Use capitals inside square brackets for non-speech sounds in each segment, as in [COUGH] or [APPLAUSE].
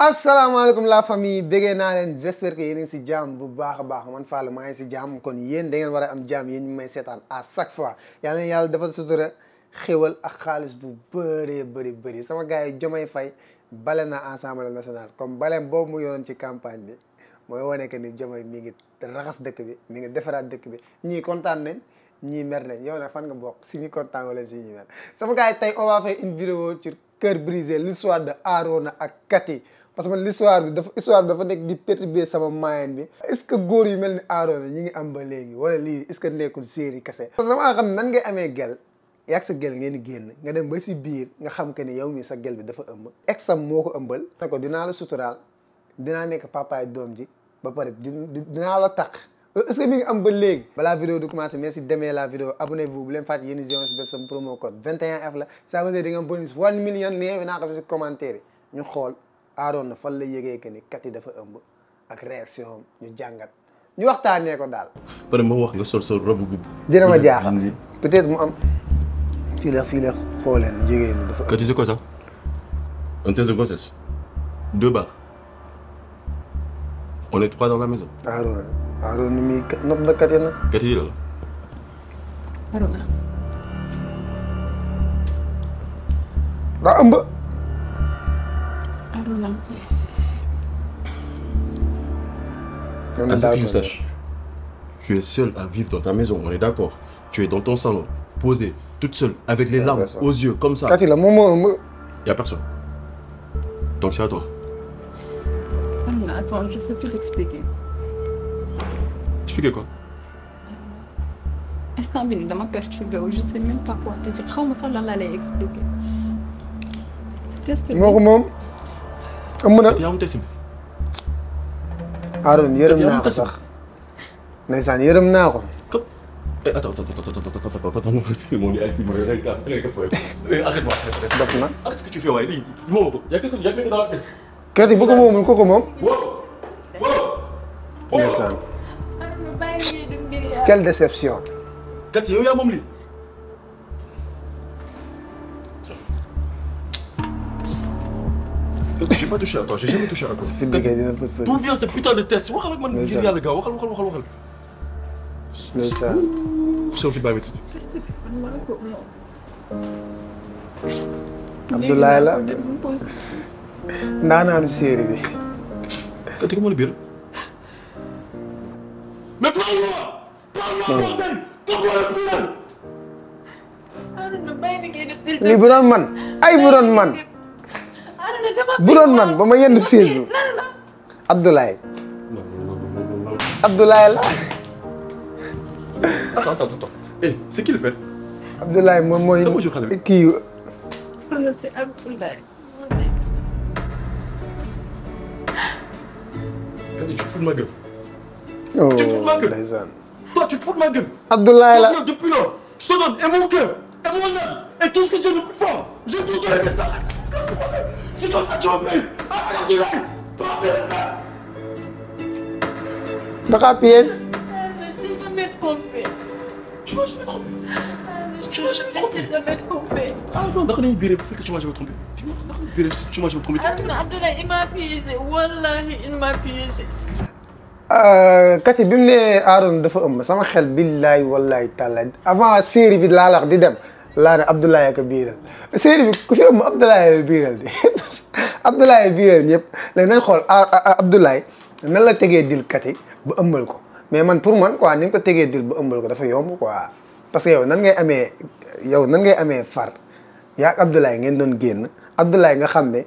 asalaamaaleykum la famille déggee naa leen j'espère que yéen a ngi si jàmm bu baax a baax man Fallou maa ngi si jàmm kon yéen da ngeen war a am jàmm yéen ñu may seetaan à chaque fois yàlla na yàlla dafa sutura xéwal ak xaalis bu bëree bëri bëri sama gaa yi jamay fay bale na Assemblée national comme bale boobu mu yoroon ci campagne bi mooy wane que ni Diomaye mi ngi raxas dëkk bi mi ngi defaraat dëkk bi ñii kontaan nañ ñii mer nañ yow fan nga bokk si ñu kontaan wala sama gars yi tey on va faire une vidéo sur ak Kati parce que man l'histoire bi dafa histoire bi nekk di perturber sama moyen bi est góor yu mel ni Arona ñi ngi am ba léegi wala lii est-ce que nekkul série kese parce que damaa xam nan ngay amee gel yàgg sa gel ngeen di génn nga dem ba si biir nga xam que ni yow mi sa gel bi dafa ëmb exam moo ko ëmbal ne ko dinaa la suturaal dinaa nekk papaay doom ji ba pare dinaa la tax est-ce ngi am ba léegi balaa vidéo di commencer mais si demee la vidéo abonnez-vous bu leen fàtte yéen i aaroon na fan la yëgee que ni kat yi dafa ëmb ak réaction ñu jàngat ñu waxtaanee ko daal. pare ma wax nga sol sol robu guub. dina ma jaaxal peut-être mu am. fii la fii la xoolee nii yëgee nii dafa. kat yi c'est quoi ça? Un test de grossesse. deux bars. on est trois dans la maison. aaroon na aaroon na muy kat nopp na kat yi nag. kat yi la la. aaroon na. daa ëmb. que je Tu es seule à vivre dans ta maison, on est d'accord. Tu es dans ton salon, posée, toute seule, avec les ah, larmes aux yeux, comme ça. que tu as Il a personne. Donc c'est à toi. Attends, je ne peux plus expliquer. Expliquer quoi est que tu de perturbé ou je sais même pas quoi te dire. Comment ça, là, là, expliquer Qu'est-ce que amun yaa muntasim Haroun yërëm naa ko sax ndeysaan yërëm naa ko attends attends attends moom ay film rek def na arrête ce que tu fais waaye lii moom ko yaa ngi nekk dans la presse kati bu ko moomul ko ko moom ndeysaan quelle déception kati yow yaa moom lii j'ai pas touché à toi, j'ai jamais touché à toi. c'est de D'où vient ce putain de test Waxal ak man ngir moi, gaaw est waxal waxal Je Ndeysaan. Abdoulaye la. Mais parle-moi Parle-moi Pourquoi le ah, man aïe, bu man bama yenn siis bi Abdoulaye. Abdoulaye la. attends attends attends eh c'est qui le père. Abdoulaye moi moi qui c'est Abdoulaye. tu te fous de ma gueule. Oh, tu te fous de ma gueule. toi tu te fous de ma gueule. Abdoulaye la depuis lors je te donne et mon cœur et mon âme et tout ce que j'ai de plus fort je te donne C'est comme ça que tu m'appelles Affaire du rap Pas affaire pièce Je ne jamais trompé. Tu m'as jamais trompé Tu m'as jamais trompé Je jamais trompé. Ah non, d'accord, il est que tu m'as jamais trompé. Tu m'as jamais trompé. Abdullah, il m'a piégé. Wallahi, il m'a piégé. كاتب لي ارون دفا ام سما خل بالله والله تعالى افا سيري بالله دي دم laa ne Abdoulaye ak biiral série bi ku fi ëmb Abdoulaye biiral di [LAUGHS] Abdoulaye biiral ñëpp léegi nañ xool ah, ah, ah, Abdoulaye nan la tegee dil kati ba ëmbal ko mais man pour man quoi ni nga ko tegee dil ba ëmbal ko dafa yomb quoi parce que yow nan ngay amee yow nan ngay amee far yaa ak Abdoulaye ngeen doon génn Abdoulaye nga xam ne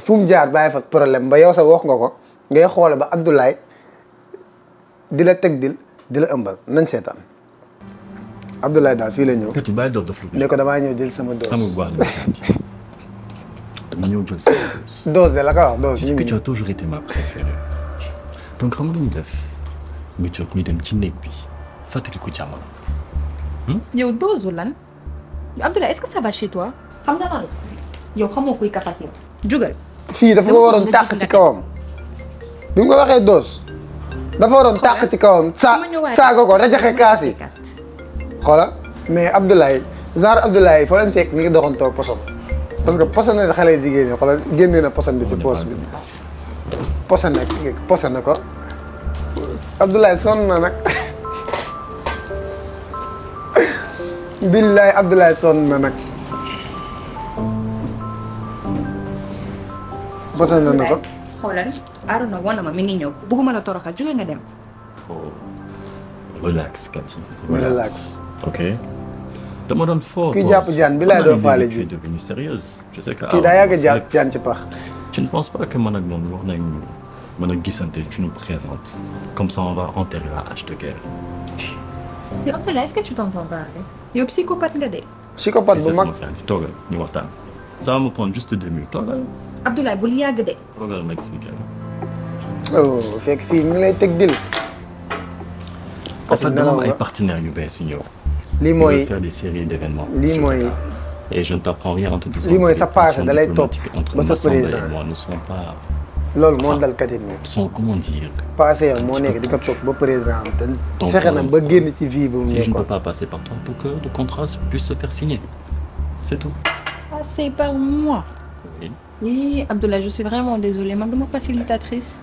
fu jaar baay fa problème ba yow sa wax nga ko ngay xoole ba Abdoulaye di la teg dil di la ëmbal nañ seetaan Abdoulaye daal fii la ñëw. tuuti bàyyi dof dof lu ne ko damaa ñëw jël sama dose. xam nga bu baax ñëw jël sama dose. dose de la ko wax dose. que tu as toujours été ma préférée. xam ñu def nga jóg ci néeg bi fàttaliku jamono. Hmm? yow dose lan Abdoulaye est-ce que ça va chez toi. xam nga maa yow xamoo kuy kaf ak yow. jugal. fii dafa ko waroon tàq ci kawam. bi mu ko waxee dose. dafa waroon tàq ci kawam. saa saaga ko rajaxe kaas yi. xoola mais Abdoulaye genre Abdoulaye foo leen fekk ñu ngi doxantoo poson parce que poson na xale yi jigéen ñi xoola génnee na poson bi ci poos bi poson nag na ko Abdoulaye sonn na nag [LAUGHS] billaay Abdoulaye sonn na nag poson na na ko xoolal Arona wan ma mi ngi ñëw bëgguma la toroxal jóge nga dem oh, relax Kati relax Ok. Tu fort sérieuse. je sais que ah, tu ne penses pas que mon tu nous présentes comme ça on va enterrer la hache de guerre. mais est-ce que tu t'entends parler. Hein? psychopathe de. psychopathe C'est un psychopathe. ça va me prendre juste deux minutes Abdoulaye Regarde, oh fait que partenaires lii faire des séries d'événements et je ne t'apprends rien en te disant ça passe ne pas comment dire je ne peux pas passer par toi pour que le contrat puisse se faire signer c'est tout passer par moi oui je suis vraiment désolée man facilitatrice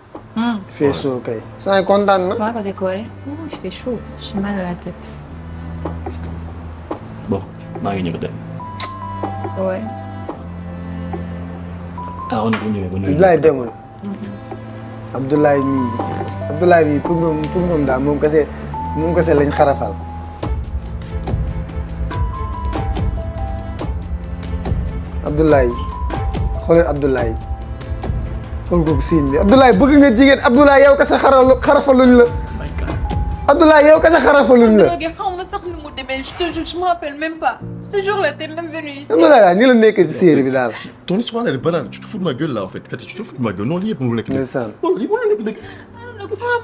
Hmm. Fais fait chaud, ok..! Ça est content, non On décorer. Oh, il fait chaud. J'ai mal à la tête. Bon, marie vais Ouais. Ah, on est on est Abdoulaye Abdoulaye Abdoulaye mi. Abdoulaye mi, pour pour Je Abdoulaye. Abdoulaye xool googu siin bi Abdoulaye bëgg nga jigen Abdoulaye yow kese xaralu xarafaluñ la. Abdoulaye yow kese xarafaluñ la. xaw ma sax nu mu demee je te jure je me rappelle même pas ce jour-là t'es même venu ici. Abdoulaye daal ñu la nekk ci série bi daal. ton histoire elle est banale tu te fous de ma gueule là en fait Quand tu te fous de ma gueule non lii yëpp mënul nekk dëgg. ndeysaan non lii mënul nekk dëgg.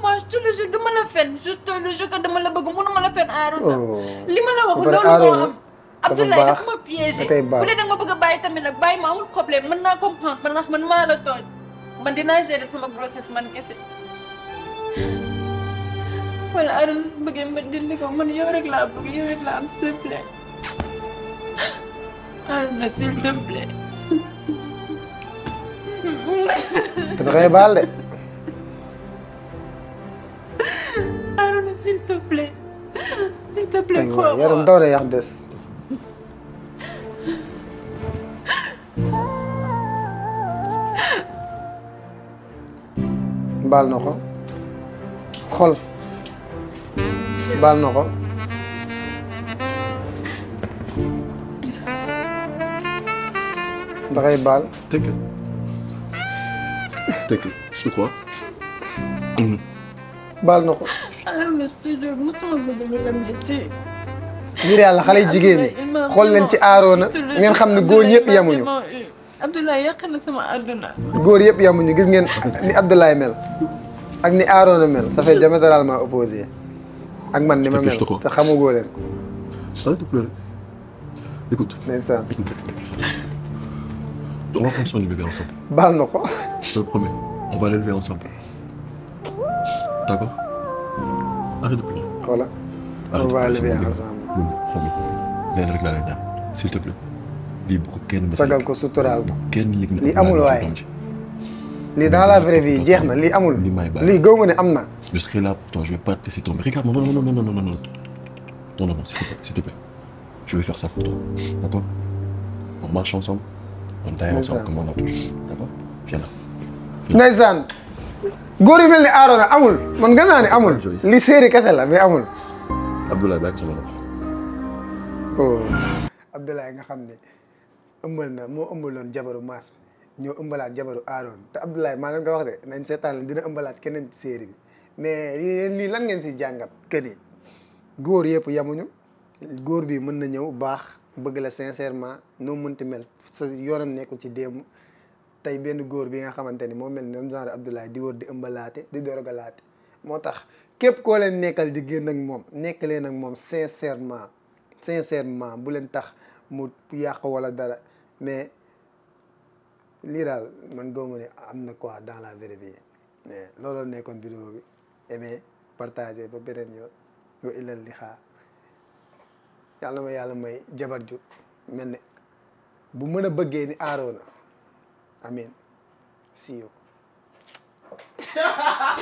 moi. je te le jure dama la fen je te le jure que dama la bëgg mënuma la fen Arona. Oh. li ma la wax loolu moo am. Abdoulaye daf ma piégé bu dee da nga bëgg a bàyyi tamit nag bàyyi ma amul problème mën naa comprendre man man maa la tooñ Мандинаже да sama process man kasi. Wala aron sa bagay mandin ko man yung reklamo, yung reklamo simple. Aron na simple. Pero kaya bale. Aron na simple. Simple ko. Yaron daw na yakdes. بال نخو خل بال نخو دغاي بال تكل تكل شنو أمم. بال نخو ميري الله خلي جيجيني خل انت ارونا نين خامني غور ييب يامونو Abdoulaye yàq na sama àdduna. góor yëpp yemuñu gis que ni Abdoulaye mel Et ni Arona mel ça fait diamétralement opposé ak man je ma mel te xamugoo leen. arrête de pleurer écoute. ndeysaan écoute. on va prendre soin du bébé ensemble. baal na ko. je te le promets on va l'élever ensemble d'accord arrête de pleurer. voilà on va l'élever ensemble. xaw ma léegi avec laa lay s'il te plaît pour la vie je serai là pour toi je vais pas te tomber regarde non, non non non non non non non non non s'il te plaît s'il je vais faire ça pour toi d'accord on marche ensemble on non, ensemble comme on a toujours d'accord viens là non, amul man non, amul mais amul non, non, non, non, nga ëmbal na moo ëmbaloon jabaru maas ñoo ëmbalaat jabaru aaroon te Abdoulaye maa leen ko wax de nañ seetaan dina ëmbalaat keneen ci bi mais yéen lii lan ngeen si jàngat que ni góor yëpp yamuñu góor bii mën na ñëw baax bëgg la sincèrement noo mënti mel sa yoonam nekkul ci démb tey benn góor bi nga xamante ni moo mel ni même genre Abdoulaye di wër di ëmbalaate di dorogalaate moo tax képp koo leen nekkal di génn ak moom nekk leen ak moom sincèrement sincèrement bu leen tax mu yàq wala dara mais lii man góomu ne am na quoi dans la vraie vie mais loolu nekkoon vidéo bi aimé partagé ba beneen yoon wa illal li xaar yàlla ma yàlla may jabar ju mel ne bu mën a bëggee ni aaroona amin see you [LAUGHS]